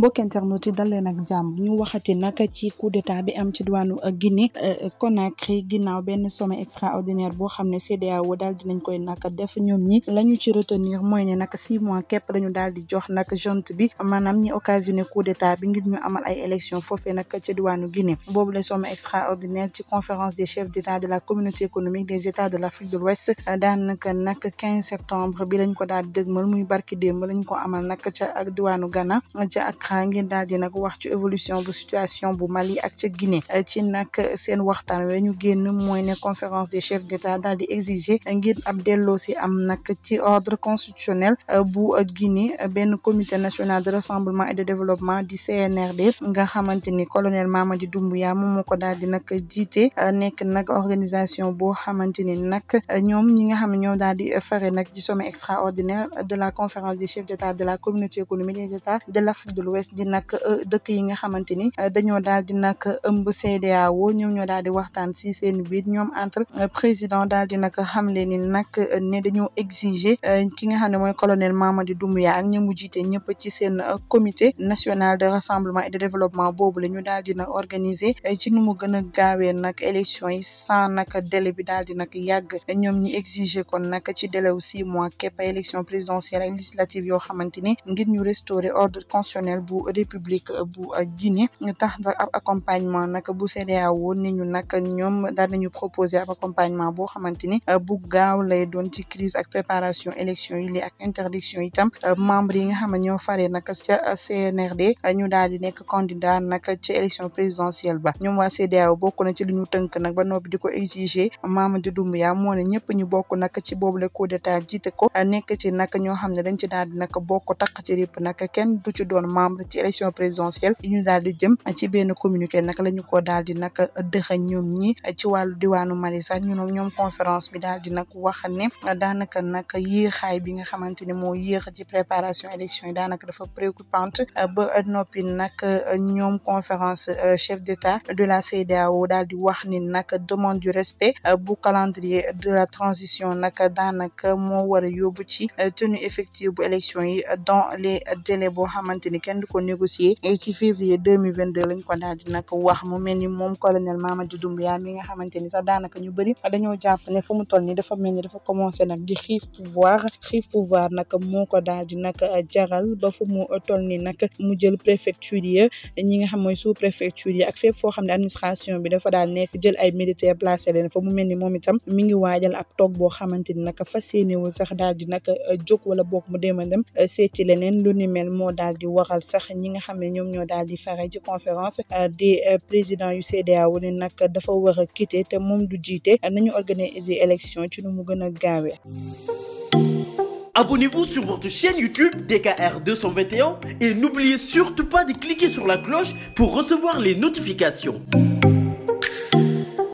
mbokki internet yi dal leen ak jàmm ñu waxati naka ci coup d'état bi am ci diwaanu uh, Guinée uh, uh, Conakry ginnaaw benn sommet extraordinaire boo xam ne CEDEAO daal dinañ koy naka def ñoom ñi la ñu ci retenir mooy ne nag six mois képp dañu daal di jox nag junte bi maanaam ñi occasionné coup d'état bi ngir ñu amal ay élection foofee nag ci diwaanu Guinée boobu le sommet extraordinaire ci conférence des chefs d'état de la communauté économique des états de l'Afrique de l'Ouest daanaka nag quinze septembre bi lañ ko daal dëgmal muy barki démb lañ ko amal nag ca ak diwaanu Ghana a ngeen daal di nag wax ci évolution bu situation bu Mali ak ca Guinée ci nag seen waxtaan we ñu génn mooy ne conférence des chefs d'État daal di exiger ngir ab delloo si am nag ci ordre constitutionnel euh, bu Guinée benn comité national de rassemblement et de développement di CNRD nga xamante ni colonel Mamadi Doumbouya yaa moo ko daal di nag jiite euh, nekk nag organisation boo xamante ni nag euh, ñoom ñu nga xam ne ñoo daal di fare nak ci sommet extraordinaire de la conférence des chefs la communauté bees di nag euh, dëkk yi nga xamante ni euh, dañoo daal di nag ëmb CEDEAO ñoom ñoo daal di waxtaan si seen biir ñoom entre euh, président daal di nag xamle ni nag ne dañoo exiger ki nga xam ne mooy colonel Mamadi Doumbouya ak ñi mu jiite ñëpp ci seen comité national de rassemblement et de développement boobu la ñu daal di organisé organiser ci nu mu gën a gaawee nag élection yi sans nag délai bi daal di nag yàgg ñoom ñi exiger kon nag ci délai wu mois képp élection présidentielle ak législative yoo xamante bu république euh, bu euh, Guinée tax nag bu CEDEAO ne ñu nag ñoom daal nañu proposé ab accompagnement boo xamante ni euh, bu gaaw lay doon ci crise ak préparation élection yi li ak interdiction itam membre yi nga xam ne ñoo faree nag ca CNRD ñu daal di nekk candidat nag ci élection présidentielle ba ñoom waa CEDEAO na ci lu ñu tënk ba noppi di ko exiger Mamadou Doumbouya moo ne ñëpp ñu bokk nag ci boobule coup nekk ci nag ñoo xam ne dañ ci daal di bokk taq ci rip nag kenn du doon membre jëm ci élection présidentielle yi ñu daal di jëm ci benn communiqué nag la ñu ko daal di nag dëxañ ñoom ñi ci wàllu diwaanu Mali sax ñun ñoom conférence bi daal di nag wax ne daanaka nag yéexaay bi nga xamante ne moo yéex ci préparation élection yi daanaka dafa préoccupante ba noppi nag ñoom conférence euh, chef d'état de la CEDEAO daal di wax ni nag demande du respect euh, bu calendrier de la transition nag daanaka moo war a yóbbu ci euh, tenue effective bu élection yi ko négocier ci février 2022 lañ ko daal di nag wax mu mel ni moom colonel Mamadou a mi nga xamante ni sax daanaka ñu bëri dañoo jàpp ne fu mu dafa mel ni dafa commencé nag di xiif pouvoir xiif pouvoir nag moo ko daal di nag jaral ba fu mu toll ni nag mu jël préfecture yi ñi nga xam mooy sous préfecture yi ak fépp foo xam ne administration bi dafa daal nekk jël ay militaire placé leen fa mu mel ni moom itam mi ngi waajal ab toog boo xamante ni nag fas yéene wu sax daal di nag jóg wala boog mu dem a dem seeti leneen lu ni mel moo daal di waral sax ñi nga xam ne ñoom ñoo daal di fare ci conférence euh, des euh, président yu CEDEAO ne nag dafa war a quitter te moom du jiite nañu organiser élection ci nu mu gën a gaawee. Abonnez-vous sur votre chaîne YouTube DKR et n'oubliez surtout pas de cliquer sur la cloche pour recevoir les notifications.